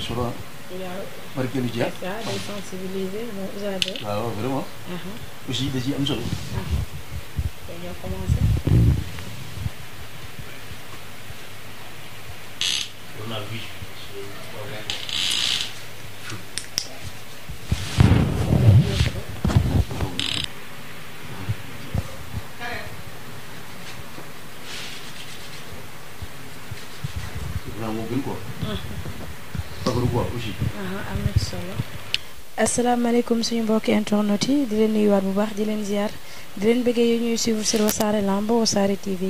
solo ah. waaw barkeelu jeex. waaw day sensibiliser moom Usabe. waaw vraiment. da ciy am solo. dañoo commencé. on a vu. asalaamaaleykum suñu mbokki internet yi di leen nuyuwaat bu baax di leen ziar di leen bëggee yi ñuy suivre sur Wassare Lamb Wassare TV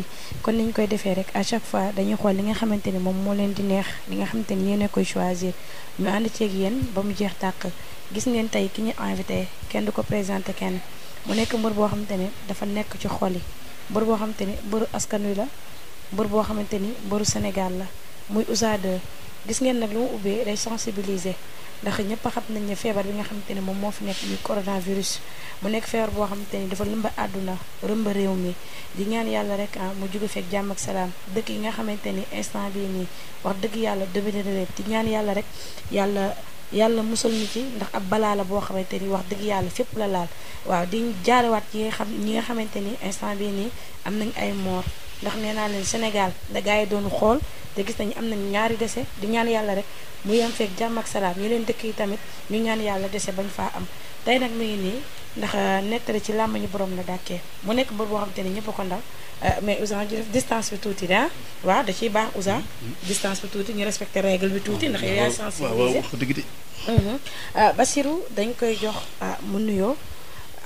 kon ni ñu koy defee rek à chaque fois dañuy xool li nga xamante ni moom moo leen di neex li nga xamante ni yéen a koy choisir ñu ànd ceeg yéen ba mu jeex tàq gis ngeen tey ki ñu invité kenn du ko présenté kenn mu nekk mbër boo xamante ni dafa nekk ci xool yi mbër boo xamante ni mbëru askan wi la mbër boo xamante ni mbëru Sénégal la muy Ouza gis ngeen nag lu mu ubbee day ndax ñëpp xam nañ ne feebar bi nga xamante ni moom moo fi nekk di coronavirus mu nekk feebar boo xamante ni dafa lëmba àdduna rëmba réew mi di ñaan yàlla rek ah mu jóge fekk jàmm ak dëkk yi nga xamante ni instant bii nii wax dëgg yàlla domine na di ñaan yàlla rek yàlla yàlla musal ñu ci ndax ab balaa la boo xamante ni wax dëgg yàlla fépp la laal waaw di jaarewaat yi nga xam ñi nga xamante ni instant bii nii am nañ ay moor ndax nee naa leen Sénégal da gars yi doon xool te gis nañu am nañ ñaari dese di ñaan yàlla rek mu yem feeg jàmm ak salaam leen dëkk yi tamit ñu ñaan yàlla dese bañ faa am tey nag mi ngi nii ndax euh, nettali ci làmmiñu borom la dàkkee mu nekk mbër boo xam te ne ñëpp ko ndaw euh, mais Ousin ji def distance bi tuuti daa ah. waaw da ciy baax Ousin mm-hmm. distance bi tuuti ñu respecté règle bi tuuti ndax yow yaa mm-hmm. sensibiliser waaw waaw wax dëgg de mm-hmm. euh, Basirou dañ koy jox ah, mu nuyoo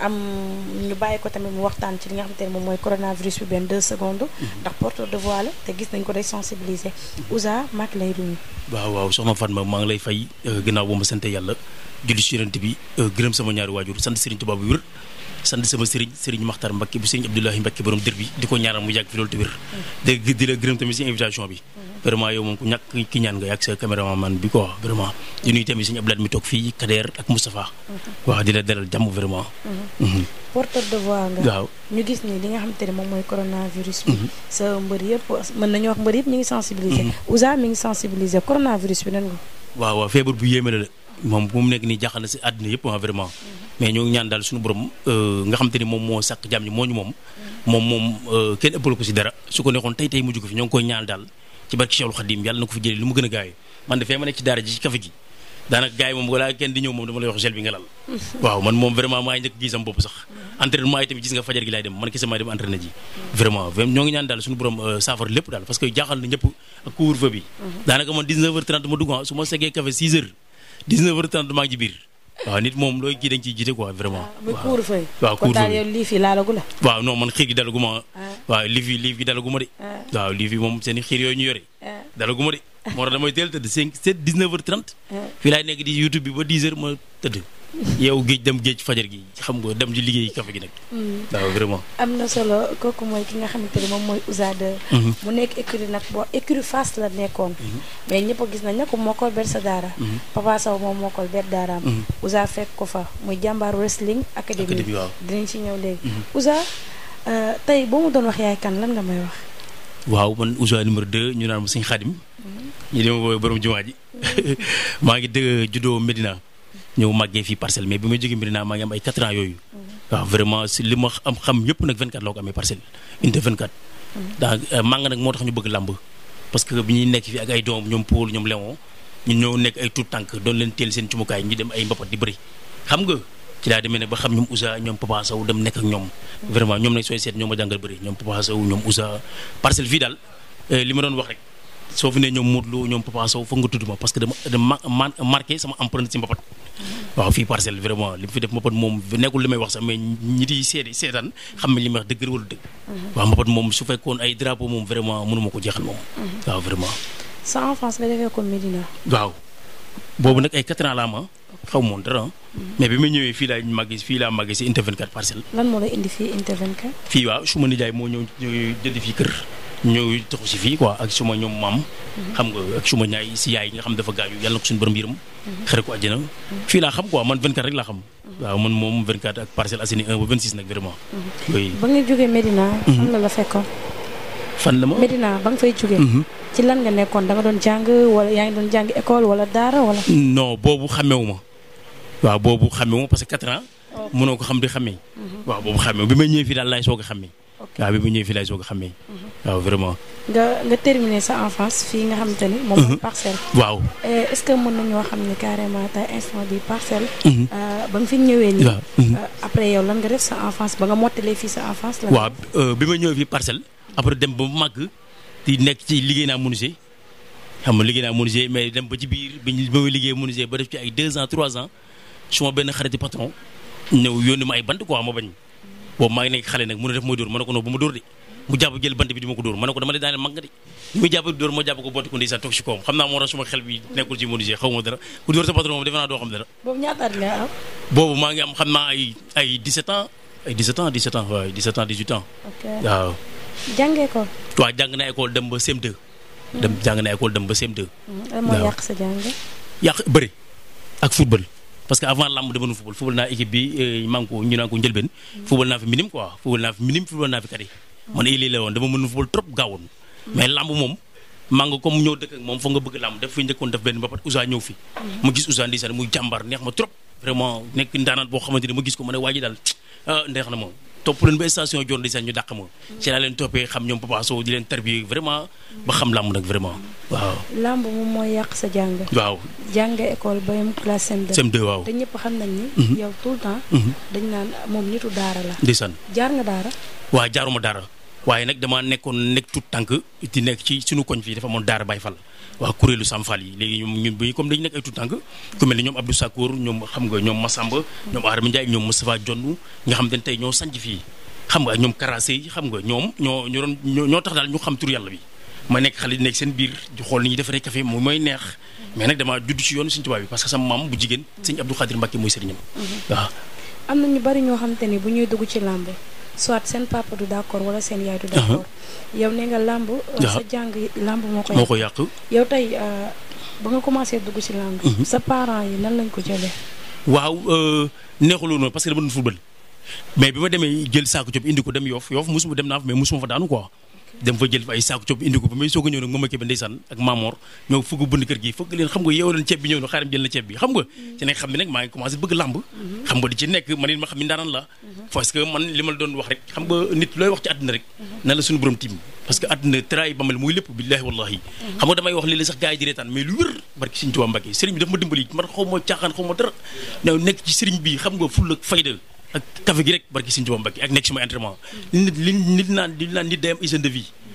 am ñu bàyyi ko tamit mu waxtaan ci li nga xamante ne moom mooy coronavirus bi benn deux secondes. Mm-hmm. ndax porteur de voix la te gis nañ ko day sensibiliser mm-hmm. Ouza maa ngi lay nuyu. waaw waaw soxna Fatma maa ngi lay fay euh, ginnaaw ba ma sant yàlla julli ci Yonent bi euh, gërëm sama ñaari waajur sant Serigne Touba bu wér. sant sama sëriñ sëriñ Maxtar Mbacke bu sëriñ Abdoulahi Mbacke borom dër bi di ko ñaanal mu yàgg fi loolu te wér. Mm-hmm. di la gërëm tamit si invitation bi. vraiment yow moom ku ñàkk ki ñaan nga yàgg sa caméraman bi quoi vraiment di nuyu tamit mhm. Mhm. ne moom mooy coronavirus bi. Mhm. sa mbër yëpp mën nañu wax mbër yëpp ñu ngi sensibiliser. Ouza mi ngi sensibiliser coronavirus bi nan nga. nii jaaxal si àddina euh, ni moom moo sàkk jàmm ñi moo ñu moom moom moom euh, kenn ëppal ko si dara su ko neexoon tey tey mujj ko fi ñoo koy ñaan daal ci barki Cheikhul Khadim yàlla na ko fi jëlee lu mu gën a gaaw man dafee ma nekk ci daara ji ci kafe gi daanaka gars moom balaa kenn di ñëw moom dama lay wax gel bi nga lal waaw man moom vraiment maa ngi njëkk gis sama bopp sax entraînement yi tamit gis nga fajar gi laay dem man kese maa dem entraîné ji vraiment ñoo ngi ñaan daal suñu borom euh, saafara lépp daal parce que jaaxal na ñëpp ak couvre-feu bi mhm. daanaka man 19 heures ma dugg ah, su ma segee café waaw nit moom looy kii dañ ciy jiite quoi vraiment. Ah, waaw kuurufay waaw kuurufay liif yi laalagu la. waaw non man xiir gi dalagu ma. Ah. waaw liif yi liif yi dalagu ma de. Ah. waaw liif yi moom seeni i xiir yooyu ñu yore. dalagu ma de moo tax damay teel tëdd 5 7 19 fii laay nekk di YouTube bi ba 10 heures ma tëdd. yow géej dem géej fajar gi xam nga dem di liggéey café gi nag. Mm. waaw vraiment. am na solo kooku mooy ki nga xamante ne moom mooy Ouza 2. Mm-hmm. mu nekk écurie nag boo écurie Fass la nekkoon. Mm-hmm. mais ñëpp a gis nañ ne ko moo ko ber sa daara. Mm-hmm. Papa Sow moom moo ko ber daaraam. Ouza fekk ko fa muy jàmbaar wrestling académie. académie waaw dinañ ci ñëw léegi. Ouza euh, tey boo mu doon wax yaay kan lan nga may wax. waaw man Ouza numéro 2 ñu naan ma Sëñ Xadim. ñu dem ma borom jumaa ji. maa ngi dëgg juddoo Medina. ñëw màggee fii parcelle mais bi ma jógee Medina maa ngi am ay 4 ans yooyu. waaw vraiment si li ma xam yëpp nag 24 amee parcelle. unité 24. daa màng nag moo tax ñu bëgg làmb parce que bi ñuy nekk fii ak ay doom ñoom Paul ñoom Léon ñun ñoo nekk ay tout tànk doon leen teel seen cumukaay ñu dem ay mbapat di bëri xam nga. ci laa demee ne ba xam ñoom Ousa ñoom Papa dem nekk ñoom vraiment ñoom nag sooy seet ñoom ma jàngal bëri ñoom euh, doon wax rek soo fi ne ñoom Modou Lo ñoom Papa Sow foog nga tudd parce que dama dama marqué sama empreinte ci mbapat waaw fii parcelle vraiment li mu fi def mbapat moom nekkul li may wax sax mais ñi xam ne li may wax dëgg wala dëgg mhm. waaw mbapat moom su fekkoon ay drapeau moom vraiment mënuma ko jeexal moom mhm. waaw vraiment sa enfance nga defee ko Médina waaw boobu nag ay 4 ans laa ma xaw moon dara mhm. mais bi ma ñëwee fii laa màggee fii laa màggee si Inter 24 parcelle lan moo lay indi fii Inter 24 fii waaw su ma nijaay moo ñëw jënd fii kër ñëw taxu si fii quoi ak suma ñoom maam xam nga ak suma ñaay si yaay nga xam dafa gaañu yàlla na ko suñu borom yërëm xëy ko àjjana fii laa xam quoi man 24 rek laa xam waaw man moom 24 ak Parcelles Assainies 1 ba 26 nag vraiment nga jógee Medina mhm. fan la la fekkoon fan na ma Medina ba nga fay jógee mhm. ci lan nga nekkoon da nga doon jàng wala yaa ngi doon jàng école wala daara wala non boobu xamewu ma waaw boobu xamewu ma parce que 4 ans mënoo ko xam di xamee mhm. waaw boobu xamewu bi may ñëwee fii daal laay soog a xamee waaw bi mu ñëwee village boo ko xamee. Mhm. waaw vraiment. nga nga sa enfance fii nga xamante ni. moom mooy mhm. parcelle. waaw eh, est-ce que mën nañoo xam ne carrément tey instant bi parcelle. Mhm. Euh, ba nga fi ñëwee nii. Euh, après yow lan nga def sa enfance ba nga mottalee fii sa enfance. lan waaw euh, bi ma ñëwee fii parcelle. après dem ba mu màgg di nekk ci liggéey naa menuisier xam nga liggéey naa menuisier mais dem ba ci biir bi ñu ba muy liggéey menuisier ba def ci ay deux ans trois ans su ma benn xarit patron ñëw yónni ma ay bant quoi ma bañ. boobu maa ngi nekk xale nag mu ne def mooy dóor ma ne ko non bu ma dóor de mu jàpp jël bant bi di ma ko dóor ma ne ko dama lay daaneel mag nga de li muy jàpp dóor ma jàpp ko botti ko ndeysaan toog si kawam xam naa moo tax suma xel bi nekkul ci menuisier xaw ma dara ku dóor sa patron moom defe doo xam dara boobu maa ngi am xam naa ay ay 17 ans ay 17 ans 17 ans waaw waaw jàngee ko waaw jàng na école dem ba CM2 dem jàng na école dem ba cm parce que avant lamb dama nu football football naa équipe bi euh, maa ngi ñu naan ko njëlbeen. football naa fi minime quoi football naa fi minime man ay lii la football trop gaawoon. mais lamb moom maa nga comme ñëw dëkk ak moom foog nga bëgg lamb def fi njëkkoon def benn mbapat Ousa ñëw fi. mu mm. gis Ousa ndeysaan muy jàmbar neex ma trop vraiment nekk ndaanaan boo xamante ne ma gis ko ma ne waa ji daal ah, neex na moom topp leen ba station Dior di seen ñu dàq ma. ci laa leen toppee xam ñoom Papa Sow di leen tarbiye vraiment ba xam làmb nag vraiment waaw. làmb moom mooy yàq sa jàng. waaw jàng école ba yem classe CM2. CM2 waaw te ñëpp xam nañ ni. Mhm. yow tout le temps. Mhm. dañ naan moom nitu daara la. ndeysaan jaar nga daara. waaw jaaruma daara waaye nag damaa nekkoon nekk tout tànk di nekk ci suñu koñ fii dafa amoon daara Baye fal waa kuréelu samfal yi léegi ñoom ñun bi comme dañu nekk ay tout tànk ku mel ni ñoom Abdou Sakour ñoom xam nga ñoom Massamba ñoom Arama Ndiaye ñoom Moustapha Jonn nga xam ne tey ñoo sanc fii xam nga ñoom Karase xam nga ñoom ñoo tax daal ñu xam tur yàlla bi ma nekk xale nekk seen biir di xool ni ñuy defaree café moom mooy neex mais nag damaa judd ci yoonu Sëñ Tuubaa bi parce que sama maam bu jigéen sëñ Abdou Khadir Mbacke mooy sëriñam mm-hmm. waaw am na ñu bari ñoo xam soit seen papa du d'accord wala seen yaay du d'accord yow ne nga làmb euh, sa jàng làmb moo ko yàq yow tey euh, ba nga commencé dugg si làmb mhm. sa parents yi nan lañ ko jëlee waaw euh, neexuloo noonu parce que dama doon football mais bi ma demee jël saako job indi ko dem yoof yoof musuma dem naa fa mais musuma fa daanu quoi dem fa jël fa ay saako coob indi ko ba may soog a ñëw nag moom ak ba ndeysaan ak Mamor ñoo fugg bunt kër gi fëgg leen xam nga yow leen ceeb bi ñëw na xaarim jël na ceeb bi xam nga wax rek xam nga nit looy wax ci àddina rek na la suñu borom tim parce que àddina tëraay ba mel muy lépp billaahi damay wax léeg-léeg sax gars yi di reetaan mais lu wér barki Sëriñ Tuubaa Mbàkke sëriñ bi daf ma dimbali man xaw ma caaxaan xaw ma dara nekk ci sëriñ bi xam nga ful ak fayda ak café gi rek barki Sëñ Tuubaa Mbàkke ak nekk si may entraînement nit li naan li naan nit day am hygiène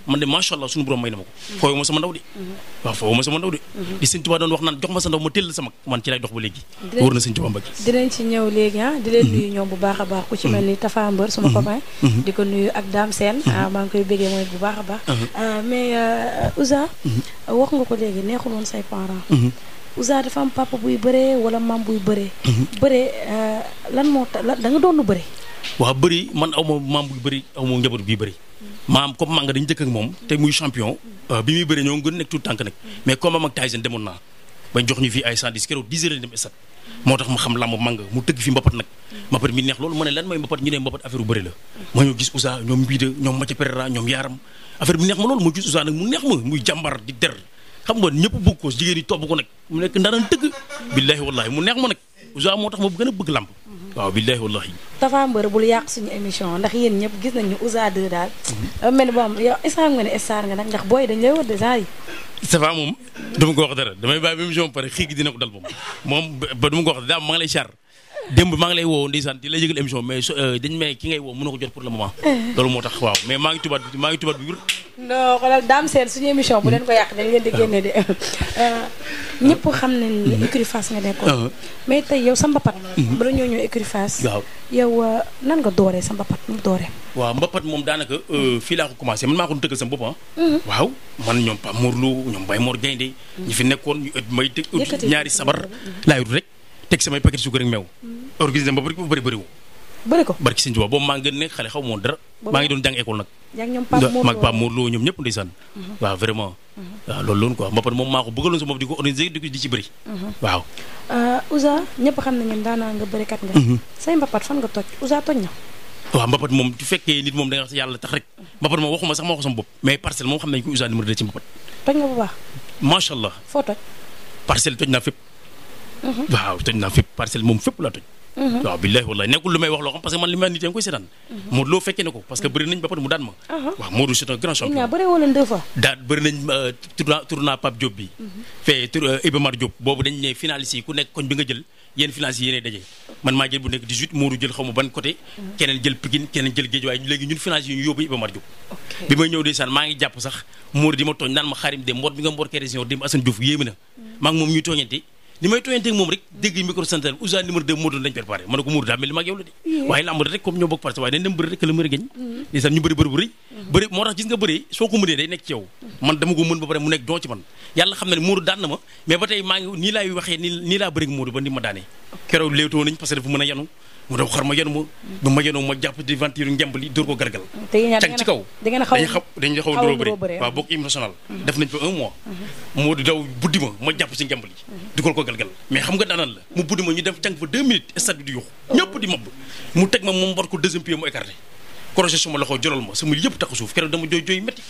man de macha suñu borom may na ma ko mm-hmm. foofu ma sama ndaw de mm-hmm. waaw foofu ma sama ndaw de di Sëñ Tuubaa doon wax naan jox ma sa ndaw ma teel la sama man ci lay dox ba léegi wóor na Sëñ Tuubaa Mbàkke dinañ ci ñëw léegi ah di leen mm-hmm. nuyu ñoom bu baax a baax ku ci mel ni Tafa Mbër suma copain di ko nuyu ak Dame Sène ah, maa ngi koy béggee mooy bu baax a baax euh, mais euh, Ouza wax nga ko léegi neexul Ouza dafa am papa buy bëree wala maam buy bëree. bëree euh, lan moo tax da nga doon bëri. waaw bëri man aw maam buy bëri aw njaboot buy bëri. maam comme maa nga dañu ak moom te muy champion. Euh, bi muy bëree ñoo gën nekk tout tànk nag. mais comme am ak Tyson demoon naa. bañ jox ñu fi ay 110 keroog 10 heures lañ dem stade. moo tax ma xam làmb màng mu tëgg fi mbapat nag. mbapat mi neex loolu ma ne lan mooy mbapat ñu ne mbapat affaire bu bëri xam nga ñëpp bëgg ko jigéen ñi topp ko nag mu nekk ndaran dëgg billaahi wallaahi mu neex ma nag Ouza moo tax ma gën a bëgg làmb waaw billaahi wallaahi Tapha Mbeur bul yàq suñu émission ndax yéen ñëpp gis nañu Ouza 2 daal mel ni moom yow xam nga ne nga ndax booy dañ lay wër déjà yi Tapha moom dama ko wax dara damay bàyyi ba émission pare xiigi dina ko dal moom moom ba duma ko wax dara ma ngi lay char démb maa ngi lay woo ndeysaan di la yëgal émission mais euh, dañ may ki ngay woo mënoo ko jot pour le moment. Eh. loolu moo tax waaw mais maa ngi tubaat maa ngi tubaat bu leen ko euh, ñëpp xam nañ ni mhm. nga nekkoon. Uh-huh. mais tey yow sa mbapat. Mhm. bala ñoo ñëw écurie yow euh, nan nga dooree sa mbapat mu dooree. waaw mbapat moom daanaka mhm. fii laa commencé man maa ko tëggal sama bopp ah. waaw man ñoom Pape Mor Lo ñoom Baye Mor Gaynde ñu fi nekkoon ñu ëpp ñaari sabar laay rek. teg samay paquet suukar ak meew. organisé mm. ma ba bëri bëri wu. bëri ko barki Sëñ Tuubaa boobu maa ngi gën xale xaw ma dara. maa ngi doon jàng école nag. yaa ngi ñoom Pape Mor Pape Mor Lo ñoom ñëpp ndeysaan. Mm-hmm. waaw mm-hmm. maa ko bëggaloon sa bopp mm-hmm. waaw. Euh, Ouza moom bu fekkee nit moom da nga yàlla tax rek. Mbappane moom waxuma sax ma wax sama bopp. mais parcelle moom xam nañ ko Ouza numéro 2 ci Mbappane. toj nga bu baax. macha allah. foo toj. parcelle waaw toj naa fépp parcelle moom fépp laa toj. Mhm. waaw billahi wallahi nekkul lu may wax loo xam parce que man li ma nit yaa ngi koy mhm. loo fekkee parce que boobu dañ ne finaliste ku nekk koñ nga jël yéen finaliste yi yéenay daje. man maa jël bu nekk 18 Modou jël xaw ma ban côté. Mhm. ñu yóbbu Iba Mar Diop. bi may ñëw ndeysaan maa ngi jàpp sax Modou di ma tooñ naan ma xaarim dem mboot bi nga mboot kee région dem Assane Diouf yéeme na maa ngi moom ñuy tooñante li may tooyanteeg moom rek dégg micro central bi Ousa numéro 2 Modou Lo lañ préparé ko Modou daa mel ni maag yow la de waaye lamb rek comme ñoo bokk parce que a gañ mm-hmm. mm-hmm. nekk ci yow mm-hmm. man dama ko mën ba pare mu nekk don ci man yàlla xam na ne Modou daan na ma mais ba tey maa ngi nii laay waxee nii laa bëri ak Modou ba ni ma daanee keroog léewtoo nañ parce que mën a yanu mu dem xar ma yenu ma bu ma yenoo ma jàpp di ventir li dóor ko gargal cag ci kaw dañu xaw dañu xaw dóor bëri waaw bokk hymne national mhm. def nañ fa un mois moo mhm. di daw buddi ma ma jàpp si njamb li mhm. dugal ko gargal mais xam nga daanaan la mu buddi ma ñu def cang fa deux minutes stade bi di yuux ñëpp di mabb mu teg ma moom war ko deuxième pied mu écarté crochet suma loxo jolal ma sama yëpp tax suuf keroog dama jooy jooy métti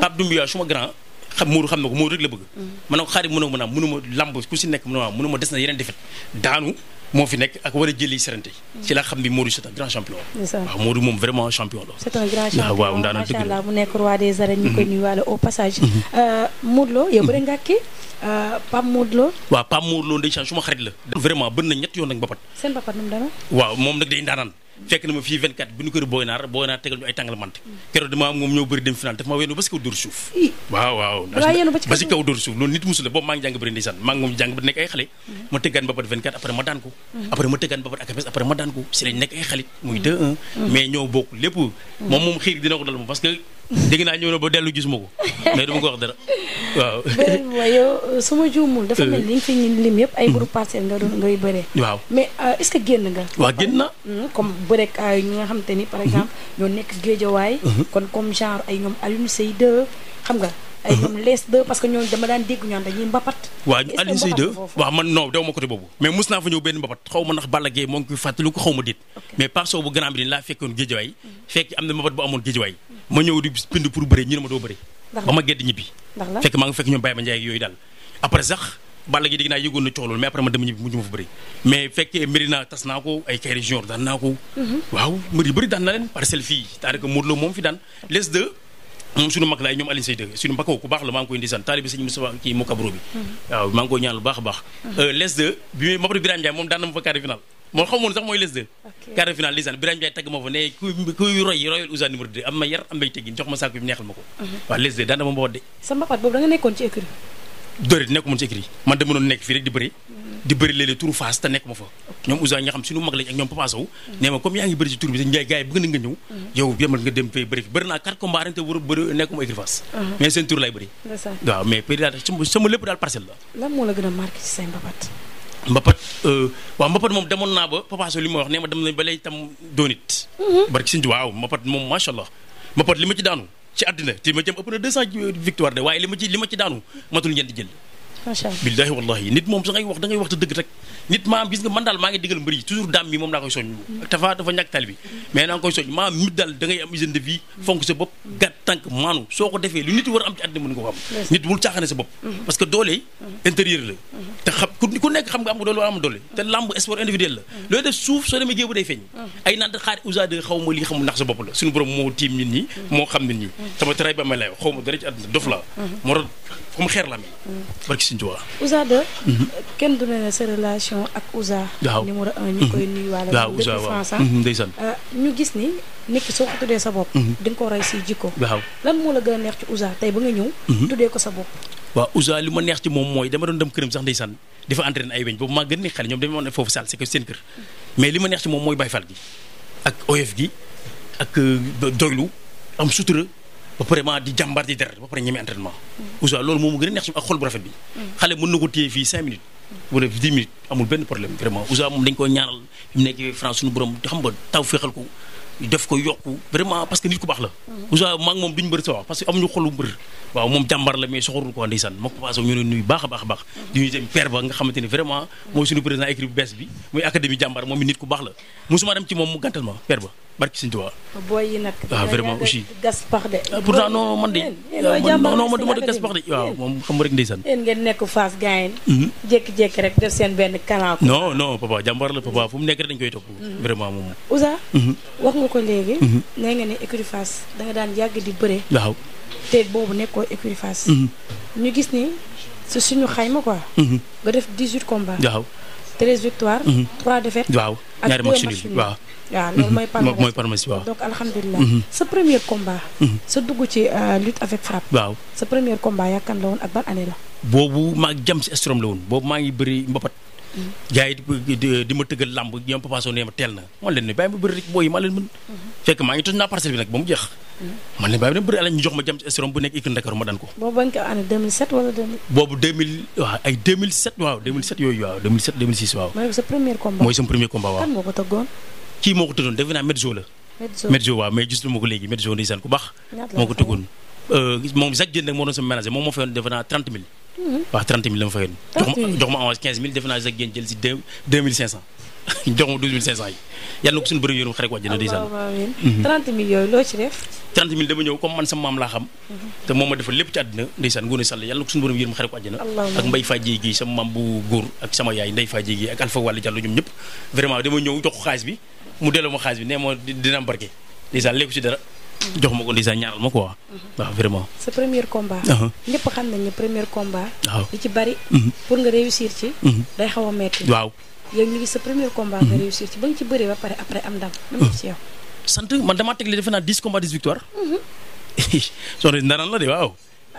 Pape Doumbia suma grand xam Modou xam na ko Modou rek la bëgg mm. ma ne ko xaari mënoo mën a mënuma lamb ku si nekk mënuma mënuma des na yeneen defet daanu moo fi nekk ak war a jëli serante mm. ci la xam ni Modou c'est un grand champion waaw Modou moom vraiment champion la c'est un grand ah, champion waaw allah mu nekk roi des arènes ñu koy mm-hmm. nuyuwaale au passage mm-hmm. euh, Modou Lo yow bëri nga kii euh, Pape Modou Lo waaw Pape Modou Lo su ma xarit la vraiment bën na ñett yoon nag mbapat seen mbapat fekk na ma fii 24 bi ñu kër Boy Naar Boy Naar tegal ñu ay tàngal mant keroog dama am moom ñoo bëri dem final daf ma yenu ba si kaw dóor suuf loolu nit musula boobu maa ngi jàng bëri ndeysaan maa moom jàng ba nekk ay xale ma tëggaan babat 24 après ma daan ko après ma tëggaan babat akapes après ma daan ko si lañ nekk ay xale muy 2-1 mais ñoo bokk lépp moom moom xiir dina ko dal parce que dégg naa ñëw na ba dellu gis moo ko mais dama ko wax dara waaw. beneen bi mooy yow euh, su ma juumul. dafa mel ni li nga fi lim yëpp ay groupe parcelle nga doon ngay bëre waaw mais euh, est-ce que génn nga. wax génn na. Hmm, comme bëreeg euh, ay ñi nga xam te ni par mhm. exemple ñoo nekk géejawaay. Mhm. kon comme genre ay ñoom Alioune Seye 2 xam nga. ay ñoom les deux parce que dama daan dégg ñoom dañuy mbapat. waaw Alioune Seye 2 waaw man non dew ma côté boobu. mais mus naa fa ñëw benn mbapat xaw ma ndax Balla Gaye moo ngi koy xaw ma déet. mais mm. par soo ma ñëw di pind ñu ma doo bëre. mais fekkee mbiri naa tas naa ko ay kay région daan naa ko. Mm-hmm. waaw mbir bëri daan na leen parcelle fii daanaka Modou Lo moom fi daan les deux moom suñu mag laay ñoom Alioune Seyde suñu mbakkaw ku baax la maa ngi koy ndeysaan taalibi sëñ Moussa kii mu kabro bi mm-hmm. waaw maa ngi koy ñaan lu baax a baax mm-hmm. euh, les bi ma ma fa kuy roy royal ousa numéro 2 am ma yar am may teggin jox ma saako bi neexal ma ko mm-hmm. waaw les de daan de sa mbapat boobu da nekkoon ci écrit dorit nekko mën ci écrit man dama doon nekk fii rek di bëri di bëri léeg-léeg Fass te nekk ma fa ñoom Ousa ñi nga xam suñu mag lañ ak ñoom Papa Sow comme yaa ngi bëri ci tur bi te ngay gars yi bëgg nga ñëw yow yemal nga dem fay bëri fi bëri naa quatre combats ren te a bëri nekkuma écrit Fass uh-huh. waaw mais a marqué ci say euh, mbapat moom demoon naa ba Papa li ma wax nee ma dem nañ ba tam doonit uh-huh. barki sin waaw mbapat moom macha allah li ma ci daanu ci àddina te ma jëm ëpp na 200 victoire de waaye li ma ci li ma ci daanu matul ngeen jël macha allah billaahi wallaahi nit moom sa te dëgg bi mais mm-hmm. mm-hmm. mm-hmm. naa xaw ma li xamul ndax sa bopp la suñu borom moo tiim nit ñi moo xam nit ñi sama tray ba may lay xaw ma dara ci àddina dof la moo xeer la Sëñ Tuubaa. Ouza de. Mhm. kenn du ne sa relation ak Ouza. ñu mhm. koy nuyuwaale. waaw Ouza waaw ah. mhm, ndeysaan euh, ñu gis ni nit soo ko tuddee sa bopp. di nga ko roy si jikko. lan moo la gën a neex ci Ouza tey ba nga ñëw. tuddee ko sa bopp. waaw Ouza li ma neex ci moom mooy dama doon dem këram sax ndeysaan dafa entraîné ay weñ boobu maa gën ni xale ñoom dama woon foofu saal c'est que seen kër mais li ma neex ci moom mooy bayfal gi ak oyof gi ak euh, doylu am sutura ba pare maa di jàmbaar di der ba pare ñeme entraînement. Mm. Ousseynou loolu moom mu gën a neex si ak xol bu rafet bi. Mm. xale mën na ko téye fii cinq mu nekk France suñu borom xam nga taw féexal ko def ko yokku vraiment parce que nit ku baax la. Mm. Ousseynou maa ngi moom duñ bëri sa wax parce que mbër. waaw moom jàmbaar la mais soxorul ko ndeysaan moo ko passé ñu leen nuyu baax a baax a baax. di ñuy dem père ba nga xamante ni vraiment. mooy suñu président écrit bu bees bi muy baax la mosuma barki Sëñ Tuubaa. booy yi nag. waaw ah, vraiment aussi gaspax de. Ah, pourtant non man de. non man du ma de gaspax de waaw moom xam nga rek ndeysaan. yéen ngeen nekk Fass Gayen. Mhm. jékki-jékki rek def seen benn kalaan. non non papa jàmbaar la papa fu mu nekk dañ koy topp. Mhm. vraiment moom. Ouza. Mhm. wax nga ko léegi. nee nga ne écurie Fass daan yàgg di bëre. waaw te boobu nekkoo écurie Fass. ñu gis ni su suñu xayma quoi. nga def 18 combats. waaw treize victoires. Mhm. trois défaites. waaw ñaari match nul waaw. waaw loolu mhm. mooy. palmarès mooy palmarès waaw. donc alhamdulilah. Mhm. sa premier combat. sa dugg ci euh, lutte avec frappe. waaw sa premier combat yaakaar la woon ak ban année la. boobu maa jam si estrom la woon boobu maa ngi bëri mbapat. gars yi di ma tëggal làmb ñoom ma leen mën fekk maa ngi toj naa parcelle bi nag ba mu jeex boobu ban ko waaw ay 2007 waaw 2007 waaw mooy sa premier combat waaw moom Jacques Diène nag moo doon sama ménager moom moo fayoon defe naa 30 waaw 30 000 la ma fayoon. jox ma jox ma avance 15 000 defe naa sax ngeen jël si 2 2500 jox ma 12 500 yi yàlla na ko suñu bëri yoonu xarit wàjjana di sànn. 30 dama ñëw comme man sama maam laa xam. Mhm. te moom ma defal lépp ci àddina ndeysaan Ngoné yàlla na ko suñu borom yërëm xare ko àjjana ak Mbaye Fadji gi sama maam bu góor ak sama yaay Ndeye Fadji gi ak Alpha Wally Diallo ñoom ñëpp vraiment dama ñëw jox ko bi mu delloo ma xaalis bi nee ma dina am barke ndeysaan léegi ci dara jox ma ko ndeysaan ñaaral ma quoi. Mhm. waaw vraiment. sa premier combat. Uh-huh. ñëpp xam nañ ne premier combat. waaw li ci bari. Mhm. pour nga réussir ci. Mhm. day xaw a metti. waaw yow ñu ngi sa premier combat nga réussir ci ba nga ci bëree ba pare après am ndam. dama ci yow. sant man damaa teg li defe naa dix combats victoire. soxna si ndaanaan la de waaw.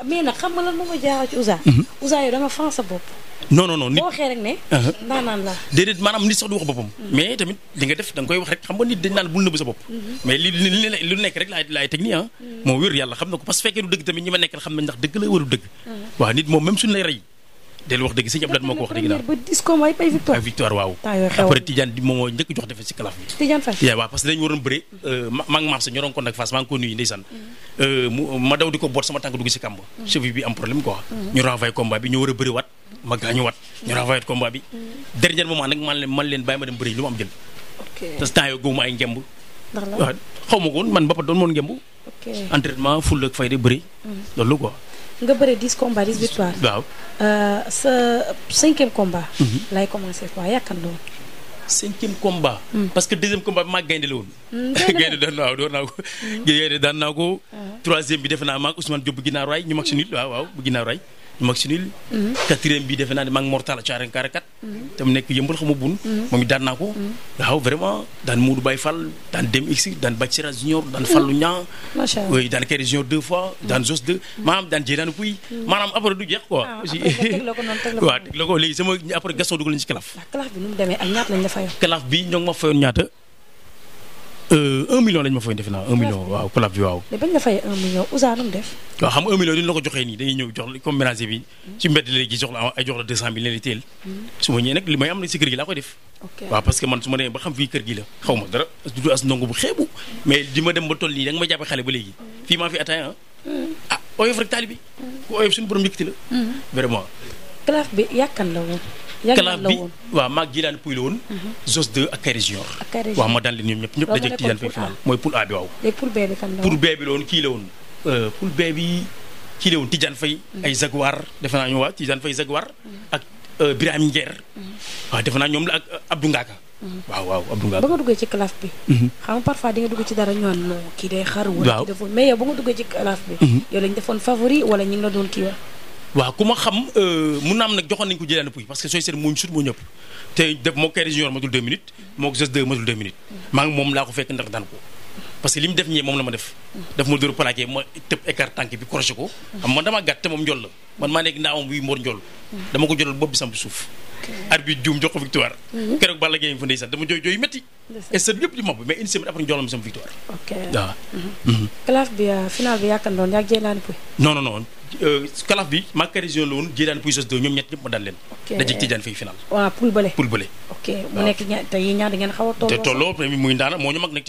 mais na xam nga lan moo ma jaaxal ci Ouza. Mhm. Ouza yow da fan sa bopp. non non non nit boo waxee rek ne. Uh-huh. naanaan la déedéet maanaam nit sax du wax boppam. Mhm. mais tamit li nga def da nga koy wax rek xam nga nit dañ naan bul nëbb sa bopp. Mhm. mais li nekk rek laay laay technique ah. moo wér yàlla xam na ko parce fekkee du dëgg tamit ñi ma nekkal xam nañ ndax dëgg la wëru dëgg. waaw nit moom même suñu lay rey. del wax dëgg sëñ Abdou Lahad moo ko wax dëgg daal ba disco mooy di moom moo njëkk jox defe si calaf bi ma daw di ko boot sama tànk dugg si kàmb mm-hmm. cheville bi am problème quoi mm-hmm. ñu renvoyé combat bi ñu war a bëri waat mm-hmm. ma gaañu waat ñu renvoyé combat bi dernier moment nag man leen man leen bàyyi ma dem bëri lu ma am jël parce que temps yoo ay ngemb xaw ma ko man ba pa doon moon ngemb entraînement ful ak fayda bëri loolu quoi nga bëre dix combats dix victoires. waaw euh, sa cinquième combat. Mhm. lay commencé quoi yàkkan la woon. cinquième combat. Mm. parce que deuxième combat bi maa gaynde la woon. Mm, gaynde daan naa ko. Mm. Ah. troisième bi defe naa maa Ousmane Diop bu ginnaaw raay ñu mag si nit waaw waaw bu ginnaaw raay. match nul mhm. quatrième bi defe naa ne maa ngi mortal caaren kaarakat mhm. te mu nekk yëmbal xama bun mhm. moom it daan naa ko waaw vraiment daan Modou Baye Fall daan Dem X daan Bathira Junior daan Fallou Niang oui daan Kéré Junior deux fois daan Jos deux maanaam daan Jéydaanu Pouy maanaam après du jeex quoi ah, aussi waaw teg la ko léegi sama après Gaston dugal lañu ci calaf calaf bi ñoo ngi ma fayoon ñaata un million lañ ma fayoon defe naa un million waaw club bi waaw. mais bañ la fayee un million Ousa def. waaw xam un million duñ ko joxee nii dañuy ñëw jox la comme ménager bi. ci mbedd la hmm. koy def. waaw parce que man su ma demee ba xam fii kër gi la xaw ma dara as ndongo bu xeebu. mais di ma dem ba toll nii da nga ma xale ba léegi. Hmm. fii maa fi atteint ah, hmm. ah oyof rek taalibi. ku oyof suñu borom yëkkati la. vraiment. club bi yàkkan la clan bi waaw maag Jilaani Pouy la woon Jos mhm. 2 ak Kayre Junior waaw ma daan leen ñoom ñëpp ñëpp dajeeg Tijaan Faye final mooy poule A waaw poule B bi la woon kii la woon euh, poule B bi kii la woon Tijaan Faye mhm. ay Jaguar defe naa ñu waa Tijaan Faye Jaguar mhm. ak euh, Birame Nguer waaw defe naa ñoom la ak euh, Abdou waaw waaw Abdou ba nga duggee ci classe bi xam nga parfois di nga dugg ci dara ñoon kii day xar wala mais yow ba nga duggee ci classe bi yow lañ defoon wala ñi la doon waaw ku ma xam euh, mun na am nag joxoon nañu ko jëlaat puy parce que sooy seet moo ñu sut moo ñëpp te def moo kay junior matul 2 minutes moo ko ges 2 matul 2 minutes maa ngi moom laa ko fekk ndax daan ko parce que ma def daf ma dóor plaqué ma tëb écart tànk bi croché ko xam man dama gàtt te moom njool la man maa nekk ndaawam bi mor njool dama ko jolal bopp bi sam bu suuf juum jox ko victoire keroog Balla Gaye fa ndeysaan dama jooy jooy métti et set yëpp di mob mais une semaine après njool ma sam Euh, kalaf bi Maka région la ñoom ñett ñëpp ma daan leen. ok dajeeg Diedane fay final. poul bële poul bële. ok mu nekk ña te yéen ñaar da ngeen xaw tolloo. muy ndaana moo mag nag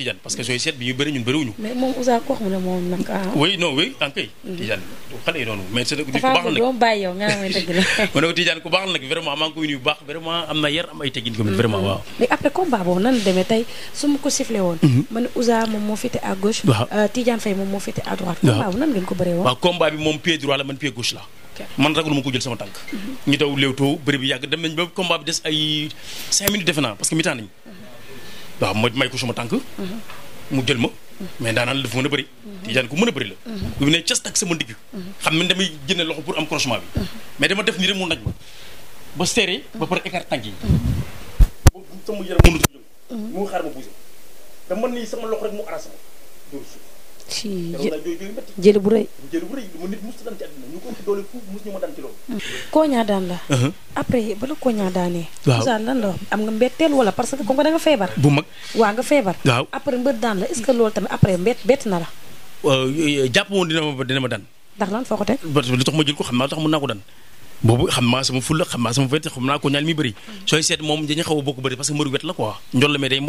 Tidiane ku baax la nag vraiment maa ngi koy nuyu bu baax vraiment am na yar am ay teggin comme vraiment mm-hmm. waaw. mais après combat boobu nan demee tey su ma ko sifflé woon. Mm-hmm. ma ne Ousa moom moo féete à gauche. waaw euh, Tidiane moom moo féete à droite. waaw combat bu nan ngeen droit la man pied gauche la man ragaluma ko jël sama tànk mhm. ñu daw léewtoo bëri bi yàgg dem nañ ba combat bi des ay cinq minutes defe naa parce que mi temps nañ mhm. waaw ma may ko sama tànk mhm. mu jël ma mais daanaan la a a ne loxo pour am crochement bi mais dama def nii rek mu naj ma ba serré ba pare écart tànk yi sama yaram mënut a jóg mu xaar ma bougé dama nii sama loxo rek mu arrasé ma ci jël bu rëy. jël bu rëy mu nit daan ci àddina ñu mm. la. Uh-huh. après bala kooñaa daanee. waaw Moussa lan la wax am nga mbetteel wala parce que comme da nga feebar. bu mag waa nga feebar. waaw après mbët daan la est ce que loolu tamit après mbett bett na la. jàpp woon dina ma dina ma daan. ndax lan foo ko teg. lu tax ma jël ko xam naa tax mën naa ko daan. boobu xam maa sama fulla xam maa sama fete xam naa ko ñaal mi mm. sooy seet moom dañu xaw a bokk bëri parce que mbëru wet la quoi njol la mais day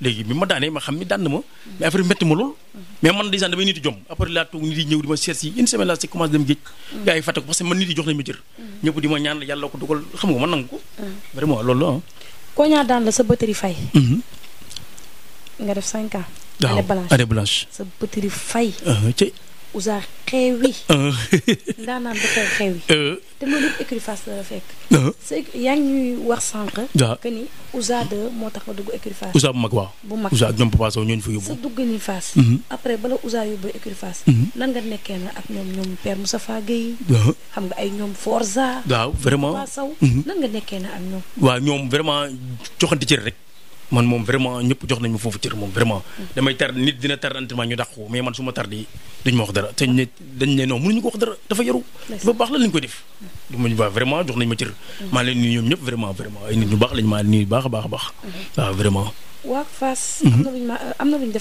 léegi bi ma daanee ma xam ni daan na ma mais affaire ma lool mais man ndeysaan damay nit i jom après laa toog nit ñëw di ma seet si une semaine laa si commencé dem géej gars yi fàtte ko parce que man nit yi jox nañ ma jër ñëpp di ma ñaan yàlla ko dugal xam nga man nangu ko vraiment loolu la ah. sa bëtëri fay mhm. nga def cinq ans année blanche sa bëtëri fay uh-huh, Ouza xewi. Euh. daanaan dafay xewi. Euh. te loolu lépp écurie la fekk. Euh. c'est yaa ngi ñuy wax sànq. waaw que ni Ouza 2 moo tax nga dugg écurie Fass. Ouza bu mag waaw. bu mag Ouza ñoom Papa Sow ñooñu fa yóbbu. sa dugg mhm. après bala Ouza yóbbu écurie Fass. Mhm. nan nga nekkee na ak ñoom ñoom Père Moustapha Guèye. xam nga ay ñoom Forza. waaw vraiment Papa Sow. Mhm. nan nekkee na ak ñoom. waaw ñoom vraiment joxante cër rek. man moom vraiment ñëpp jox nañ ma foofu cër moom vraiment. Mm. damay tar nit dina tar entraînement ñu dàq ko mais man su ma tar duñ ma wax dara te ñu dañ ne non mënuñu ko wax dara dafa yaru. dafa baax la lañ ko def. Mm. du ma ñu baax vraiment jox nañ ma cër. Mm. maa leen nuyu ñoom ñëpp vraiment vraiment ay nit ñu baax lañ maa leen a baax a baax. Mm-hmm. waaw mm-hmm. am na lu ñu ma am na lu ñu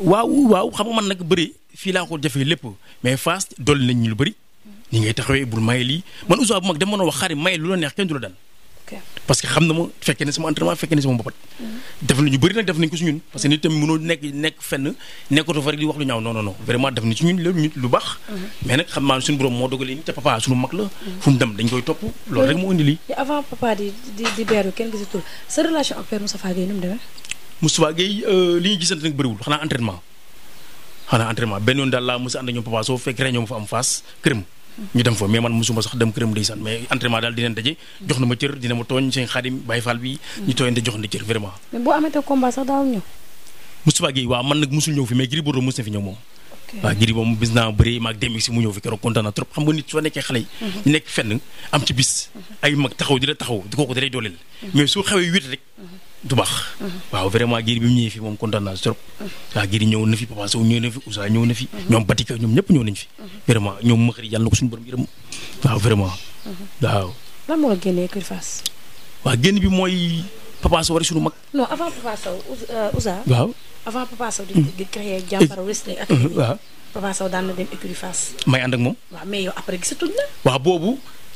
waaw waaw xam nga man nag bëri fii laa ko jafee lépp mais Fass dolli nañ ñu lu bëri. Mm-hmm. ni ngay taxawee bul may lii man Ouza bu mag dama mën a wax xaari may lu la neex kenn du la parce que xam na ma fekkee ne sama entraînement fekkee ne sama mbapat. Mm-hmm. def na ñu bëri nag def nañ ko si ñun parce que nit tamit mënoo nekk nekk fenn nekkatoo fa rek di mm-hmm. nii te papa suñu mag benn yoon daal laa mos ànd ñoom papa soo fekk rek ñoom fa am face këram ñu dem fa mais man mosuma sax dem këram ndeysaan mais entraînement daal dinañ daje. jox na ma cër dina ma tooñ seen xaadim Baye Fall bi. ñu tooyante jox na cër vraiment. mais boo amatee combat sax daaw ñëw. Moustapha Guèye waaw man nag mosul ñëw fi mais Gris Bordeaux mos na fi ñëw moom. waaw Gris moom bis naa bëri maag dem si mu ñëw fi keroog kontaan trop xam nga nit soo nekkee xale yi. Mhm. ñu nekk fenn am ci bis. Mhm. ay mag taxaw di la taxaw di kooku da dooleel. Mhm. mais du baax. waaw vraiment Gris bi mu ñëwee fi moom kontaan a trop. waaw Gris ñëw na fi Papa génn bi mooy Papa Sow rek suñu mag. non avant Papa Sow Ousa. Euh, waaw avant Papa Sow di di créer Jàmbaar Wrestling ak. waaw Papa Sow daan dem écurie Fass. may ànd ak moom. waaw mais yow après gisatuñ la. waaw boobu.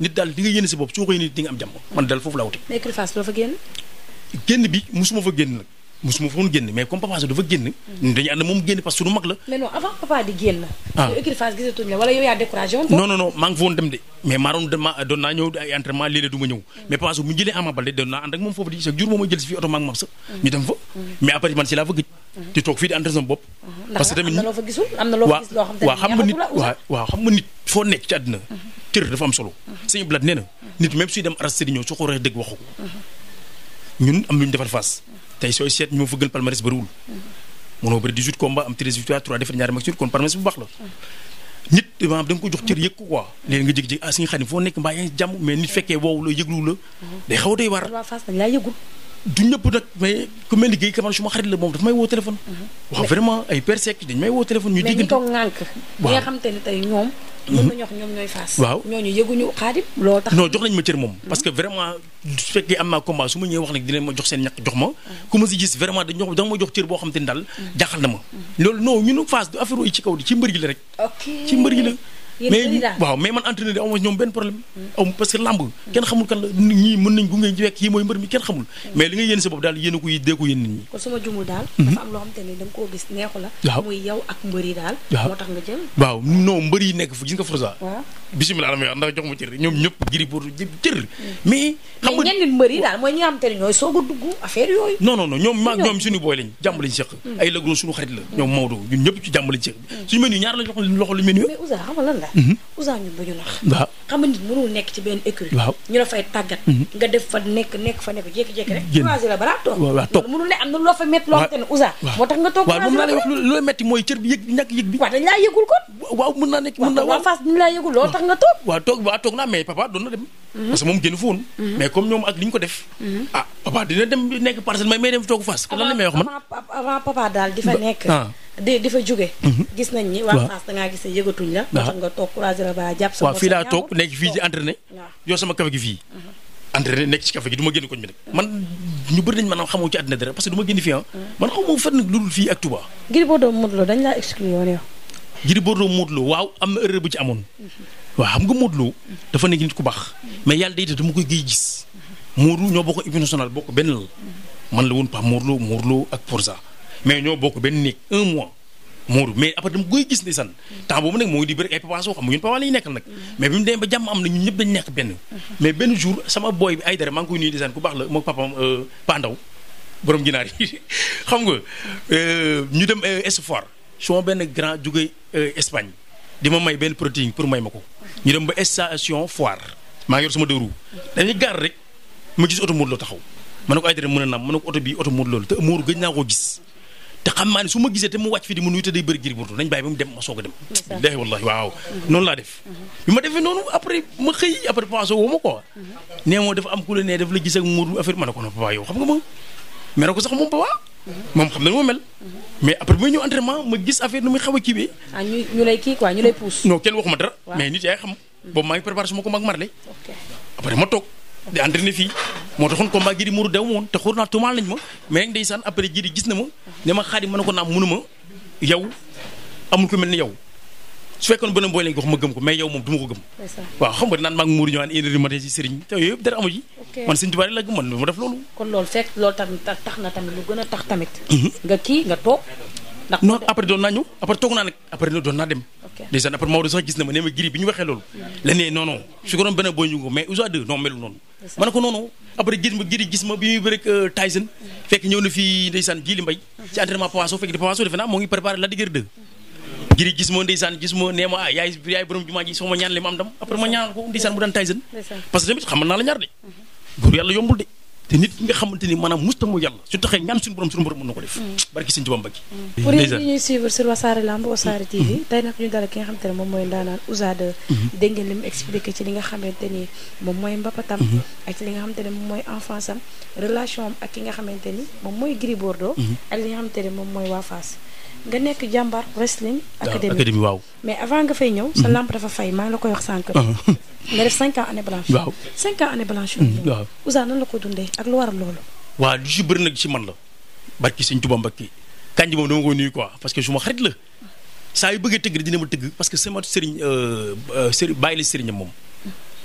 nit daal di nga yéene bopp soo ko yéene di am jàmm man daal foofu laa wute. mais Fass loo fa génn. fa génn nag musuma fa woon génn mais comme papa dafa génn. dañuy ànd moom génn ah. dem de mais maa doon naa ñëw ay entraînement léeg-léeg du ma ñëw. Mm. mais papa mu jëlee Ama Baldé doon naa ànd ak moom foofu di chaque jour moom mooy jël si fii oto maa ngi sa. ñu dem fa mm. mais après man si laa fa gëj. Mm. di toog fii di entraîné sama bopp. parce que tamit am cër dafa am solo. sëñ Blaat nee na nit même suy dem aras sëriñoo su ko waxee dëgg waxu ñun am lu ñu defar face tey sooy seet ñu fa gën palmarès bëriwul. mënoo bëri 18 combats am 13 victoires 3 défaites ñaari match nul kon bu baax la. nit maanaam da nga ko jox cër yëg ko quoi. léegi nga jékki-jékki ah suñu xarit foo nekk mbaa yaa jàmm mais nit fekkee woowu la yëglu la. day xaw a waar. waaw Fass yëgul. du ñëpp nag mais ku mel ni Guèye Camara su ma xarit la moom daf may woo téléphone. Mhm. wax vraiment ay per sec dañ may woo téléphone. ñu diggante mais ko ŋànk. waaw xam te ne tey ñoom. Mhm. jox nañ ma cër moom. parce mhm. que vraiment su fekkee am naa combat su ma ñëwee wax nag dinañ ma jox seen ñàkk jox ma. ku ma si gis vraiment dañ ma jox cër boo xam te ne daal. jaaxal na ma. loolu non ñun faas du affaire yi ci kaw di ci mbër gi la rek. ci mbër gi la. mais waaw mais man entraîneur yi amoo ñoom benn problème aw parce que làmb kenn xamul kan la ñii mën nañ gunge wekk yi mooy mbër mi kenn xamul mm. mais li nga yéen sa bopp daal a ko yi dee ko yéen nit ñi kon su ma jumul daal mhm. dafa am loo xam te ne la waaw ñëpp giri pour mm. mooy a dugg affaire yooyu non ñoom maag ñoom suñu booy lañ jàmm lañ seq mm. ay lëgro suñu xarit la ñoom Maodo ñun ñëpp ci lañ seq suñu menu ñaar lañ loxo luñ menu mais Ousin ñun du ñu nax. waaw xam nga nit mënul nekk ci benn écurie. waaw ñu la fay tàggat. Mm-hmm. nga def fa nekk nekk fa nekk jékki-jékki rek. croiser balaa toog waaw toog am na loo fa métti loo xamante ne lay wax looy tax nga toog. waaw toog naa mais papa doon na dem. Mm-hmm. parce que moom génn foon. Mm-hmm. mais comme ñoom ak li ko def. ah papa dina dem nekk parcelle may may dem toog Fass. lan la may wax man avant papa daal di fa nekk. Ah. di di fa mhm. gis nañ ni waa Fass da ngaa gis ne yëgatuñ la waaw nga toog croiser ba jàpp sa waaw fii laa toog nekk fii di entraîné yoo sama kafe gi fii mhm. entraîné nekk ci kafe gi du ma génn koñ bi nag man ñu bëri nañ maanaam xamoo ci àddina dara parce que du ma génn fii ah mhm. man lu dul fii ak Touba Gris Bordeaux Modou Lo dañ laa waaw am na erreur bu ci amoon waaw xam nga Modou Lo dafa nekk nit ku baax mais yàlla day dama koy gis Modou ñoo bokk équipe nationale ko benn la man la woon Pape Modou Lo Modou Lo ak Forza mais ñoo ko benn néeg un mois Modou mais après dama koy gis ni san temps boobu nag moo ngi di bëri ay Papa Sow xam nga ñun Papa la ñu nekkal nag mais bi mu demee ba jàmm am na ñun ñëpp dañ nekk mais benn jour sama boy bi ay dara maa ngi koy nuyu di san euh, xam nga euh, ñu dem euh, Espoir suma benn grand jóge Espagne di ma may benn protéine pour may ma ko ñu dem ba station foire maa ngi yor sama deux roues dañuy gaar rek ma gis oto Modou Lo taxaw ma ne ko oto bi oto Modou Lo naa koo gis te xam maa ne su ma gisee te mu wàcc fi di mu nuyu te day bëri Gris Bordeaux nañ bàyyi ba mu dem ma soog a dem. billahi wallahi waaw noonu laa def. bi ma defee noonu après ma xëy après Papa Sow woo ma la ne gis ak Modou affaire ma ne ko xam sax moom papa. moom xam na lu ma mel. mais après bu may ñëw ma gis affaire nu muy xaw a kii bi. ah ñu ñu lay kii quoi ñu lay pousse. non kenn waxuma dara. mais nit yaay xam. Mm-hmm. boobu maa ngi préparé ma ko mag Marley. après ma toog. di entraîné fii moo taxoon combat Gris Modou dew moon te xur naa tuumaal nañ ma mais ndeysaan après Gris gis na ma ne ma xaar mën na ko naam mënu ma yow amul ku mel ni yow su fekkoon beneen booy lañ ko wax ma gëm ko mais yow moom du ma ko gëm waaw xam nga naan maa muur ñëwaan une heure du matin sëriñ te yooyu yëpp dara amu ji man sëñ Tuubaa la gëm man ma def loolu kon lool fekk loolu na tamit lu gën a tax tamit mhm. nga kii nga toog ndax non après doon naa ñëw après toog naa nag ma nee ah, ma am ndam après ma ñaanal ko ndeysaan mu daan Tyson. parce que xam naa la ñaar de. pour hmm. yàlla yombul de te nit ki nga xamante ni maanaam musta mu yàlla su taxee ñaan suñu borom suñu borom mën na ko def. Mm. barki sëñ Tuubaa Mbàkke. Mm. pour yéen ñi ñuy mm-hmm. ki nga xamante ne moom mooy ndaanaan Ouza 2. Mm-hmm. dégg li nga xamante ni moom mooy mbapatam. Mm-hmm. ak li nga xamante ne moom mooy enfance am relation am ak ki nga xamante ni moom mooy Gris Bordeaux. ak li nga xamante ne moom mooy waa Fass. nga nekk jàmbar wrestling académie waaw. mais avant nga fay ñëw. sa mhm. lampe dafa fay maa ngi la koy wax sànq. Mhm. nga def cinq ans année blanche. waaw cinq ans mhm, la ko dundee ak lu waral loolu. waaw lu si bëri si man la barki sëñ ki Mbàkke kanji moom dama koy nuyu quoi parce que su ma xarit la saa yu bëggee tëgg dina ma tëgg parce que sama sëriñ euh, euh, sëriñ bàyyi la moom.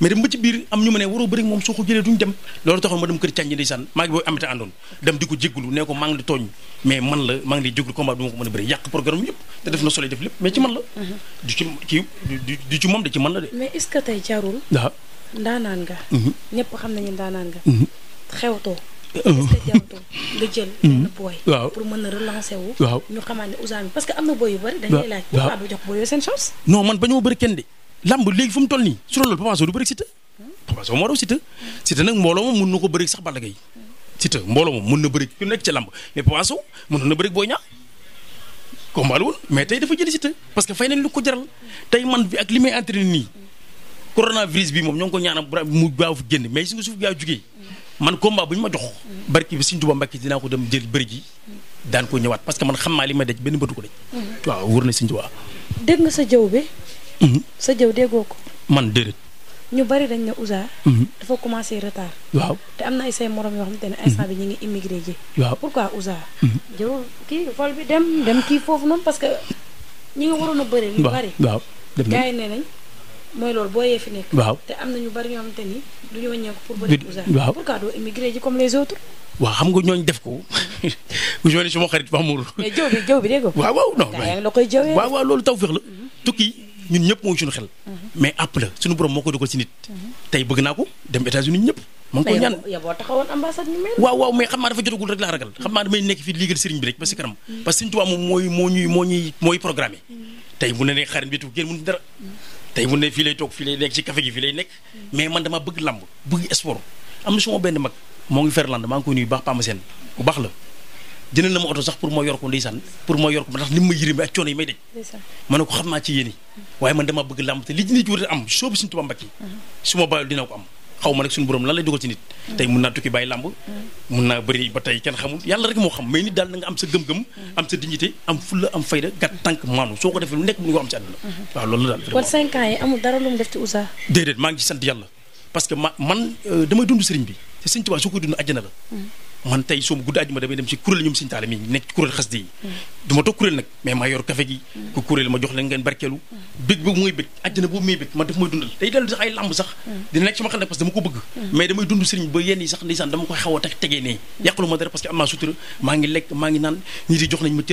mais dem ba ci biir am ñu ma ne waroo bëri moom soo ko jëlee duñ dem loolu taxoon ma dem kër cànj ndeysaan maa ngi booy amita àndoon dem di ko jéggulu ne ko man la maa ngi di jéggulu combat bi ma ko mën na solo def lépp mais ci man la mhm. du ci ci du moom de ci man la de mais est-ce que tey jarul waaw ndaanaan nga mhm. ñëpp xam nañu ndaanaan nga mhm. xewtoo euh. nga jël. booy. waaw pour mën a relancer wu. ñu xamaat ne Ouza mi parce que am na booy yu bëri. dañ laaj. waaw waaw du jox booy yooyu seen chance. non man bañoo bëri kenn de. lamb léegi fu mu toll nii su loolu Papa Sow du bëri Siteu Papa Sow moo raw Siteu Siteu nag mbooloo moom mën na ko bëri sax Balla Gaye Siteu mbooloo moom mën na bëri ku nekk ci lamb mais Papa Sow mën na bëri mais tey dafa jëli Siteu parce que fay nañ lu ko jaral tey man bi ak li may entraîné nii coronavirus bi moom ñoo ko ñaanal mu gaaw fi génn mais su nga suuf gaaw jugee man combat bu ñu ma jox barki bi Serigne Touba Mbacké dinaa ko dem jël bëri ji daan ko ñëwaat parce que man xam naa li ma daj benn bëtu ko daj mm. waaw wër na Serigne Touba sa jëw bi Mhm. sa jëw déggoo ko. man déedéet. ñu bari dañ ne Ouza. Mhm. dafa commencé retard. waaw te am na ay say morom yoo ne mhm. instant bi ñu ngi immigré ji. waaw bi dem dem kii parce que ñi nga waroon a bëri. ñu bari waaw def nañ gars yi nee nañ mooy loolu fi nekk. waaw na ñu bari ñoo xamante ni du ñu wàññeeku pour bëri Ouza. waaw pourquoi doo immigré ji comme les xam nga ñooñu def ko ñooñu suma xarit Mamour. mais jëw waaw waaw non. yaa ngi la tukki. ñun ñëpp mooy suñu xel. mais app la suñu borom moo ko dogal si nit. tey bëgg naa ko dem États-Unis ñëpp. ma koy ñaan waaw waaw mais xam naa dafa jotagul rek laa ragal. xam naa damay nekk fii liggéey sëriñ bi rek ba si kanam. Mm. parce moom mooy moo ñuy moo ñuy mooy programme mm. tey ne xarit bi tu génn mun dara. Mm. tey bu ne fii lay toog fii lay nekk ci café gi fii lay nekk. mais man dama bëgg làmb bëgg sport am suma benn mag moo ngi Ferland maa ngi koy nuyu baax Pama Sène jëndal na ma oto sax pour ma ba tey kenn xamul moo xam mais nit daal na nga am sa gëm mhm. mhm. maa ngi sant yàlla parce que man euh, damay dund sëriñ bi te sëriñ Tuubaa soo koy dund àjjana la mhm. man tey suma guddi àjjuma damay dem ci kuréel ñoom siñ taale mi nekk ci kuréel xasida yi du ma toog kuréel nag mais maa yor café gi mm. ku kuréel ma jox leen ngeen barkeelu mm. bég boobu mooy bég àjjana boobu mooy bég man daf mooy dundal day dal sax ay làmb sax mm. dina nekk sama xel nag parce dama ko bëgg mais damay dund sëriñ ba yenn yi sax ndeysaan dama koy xaw a teg tegee nee ma dara parce que am naa sutura maa ngi lekk maa ngi naan ñi di jox nañ ma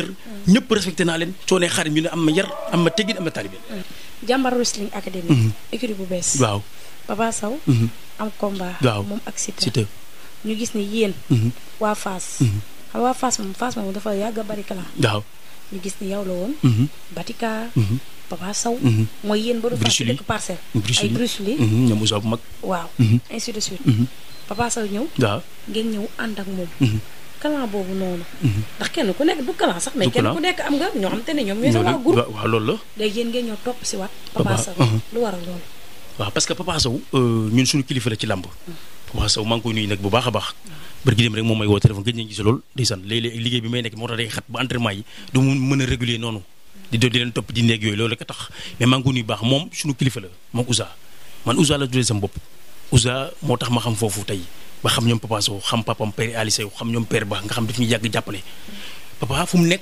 cër ñu gis ni yéen. Mhm. waa Fass. Mhm. xam waa Fass moom Fass moom dafa yàgg bari kalam. waaw ñu gis ni yow la woon. Mhm. Batika. Papa Sow. mooy yéen ba du Fass dëkk parcelle. ay bu mag. waaw ainsi de suite. Papa ñëw. waaw ngeen ñëw ànd ak moom. kalan boobu noonu. ndax kenn ku nekk du kalan sax. mais kenn ku nekk am nga ñoo xam te ne ñoom ñooy. sama groupe waaw loolu la. léegi yéen ngeen ñoo topp si waat. Papa Sow lu waral loolu. waaw parce que Papa euh, ñun suñu kilifa la ci làmb. waaw saw maa ngi koy nuyu nag bu baax a baax barki dem rek moom may woo téléphone gëj gis lool ndeysaan léeg-léeg liggéey bi may nekk moo tax day xat ba entraînement yi du mu mën a régulier noonu di do di leen topp di yooyu loolu rek a tax mais maa koy nuyu baax moom suñu kilifa la moom Ouza man Ouza la tuddee sama bopp Ouza moo tax ma xam foofu tey ba xam ñoom papa xam papam père Aliou xam ñoom père Ba nga xam daf ñuy yàgg jàppale papa fu mu nekk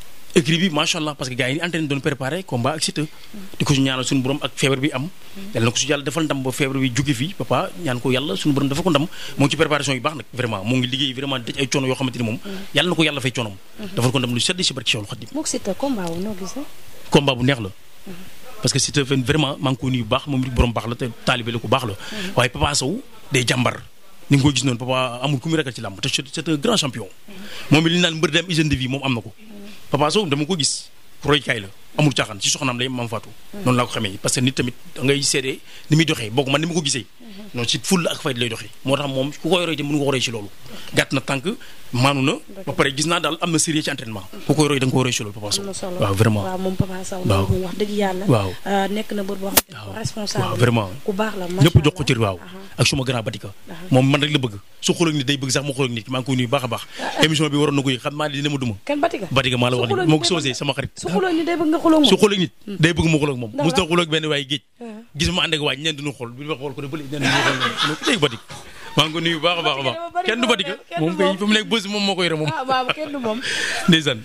écrit bi macha parce que gars yi ni entraîné doon préparé combat ak Siteu di ko ñaanal suñu borom ak feebar bi am yàlla na ko su yàlla defal ndam ba feebar bi jóge fii papa ñaan ko yàlla suñu borom dafa ko ndam moo ci préparation yu baax nag vraiment moo ngi liggéey vraiment daj ay coono yoo xamante ni moom yàlla na ko yàlla fay coonom dafal bu neex la parce que Siteu vraiment maa ngi ko nuyu bu baax moom borom baax la te la ko baax la waaye Papa Papa Sow dama ko gis roykaay la amul caaxaan ci soxnaam lay Mame Fatou. Mm. noonu laa ko xamee parce nit tamit da ngay seede ni muy doxee boog man ni ma ko gisee. Mm-hmm. noonu ci fulla ak fayda lay doxee moo tax moom ku koy roy te mënu ko roy ci loolu. gàtt na tànk maanu na ba pare gis naa daal am na sérieux ci entraînement mm-hmm. ku koy roy da nga ko roy ci loolu Papa Sow waaw waaw moom Papa Sow euh, ku baax la ñëpp jox ko cër waaw ak suma grand la bëgg su xool ak nit day bëgg sax mu xool ak nit maa ngi koy nuyu baax a baax ko yëg xam naa dina ma duma kan Batika Batika maa la wax ni moo ko soosee sama xarit su xool ak nit day bëgg nga xool mu xool ko ne bële ñeen duñu xool dégg maa ngi nuyu baax a baax baax kenn du Fatick moom kay fa mu nekk bés moom moo ko yore moom. waaw ah, waaw kenn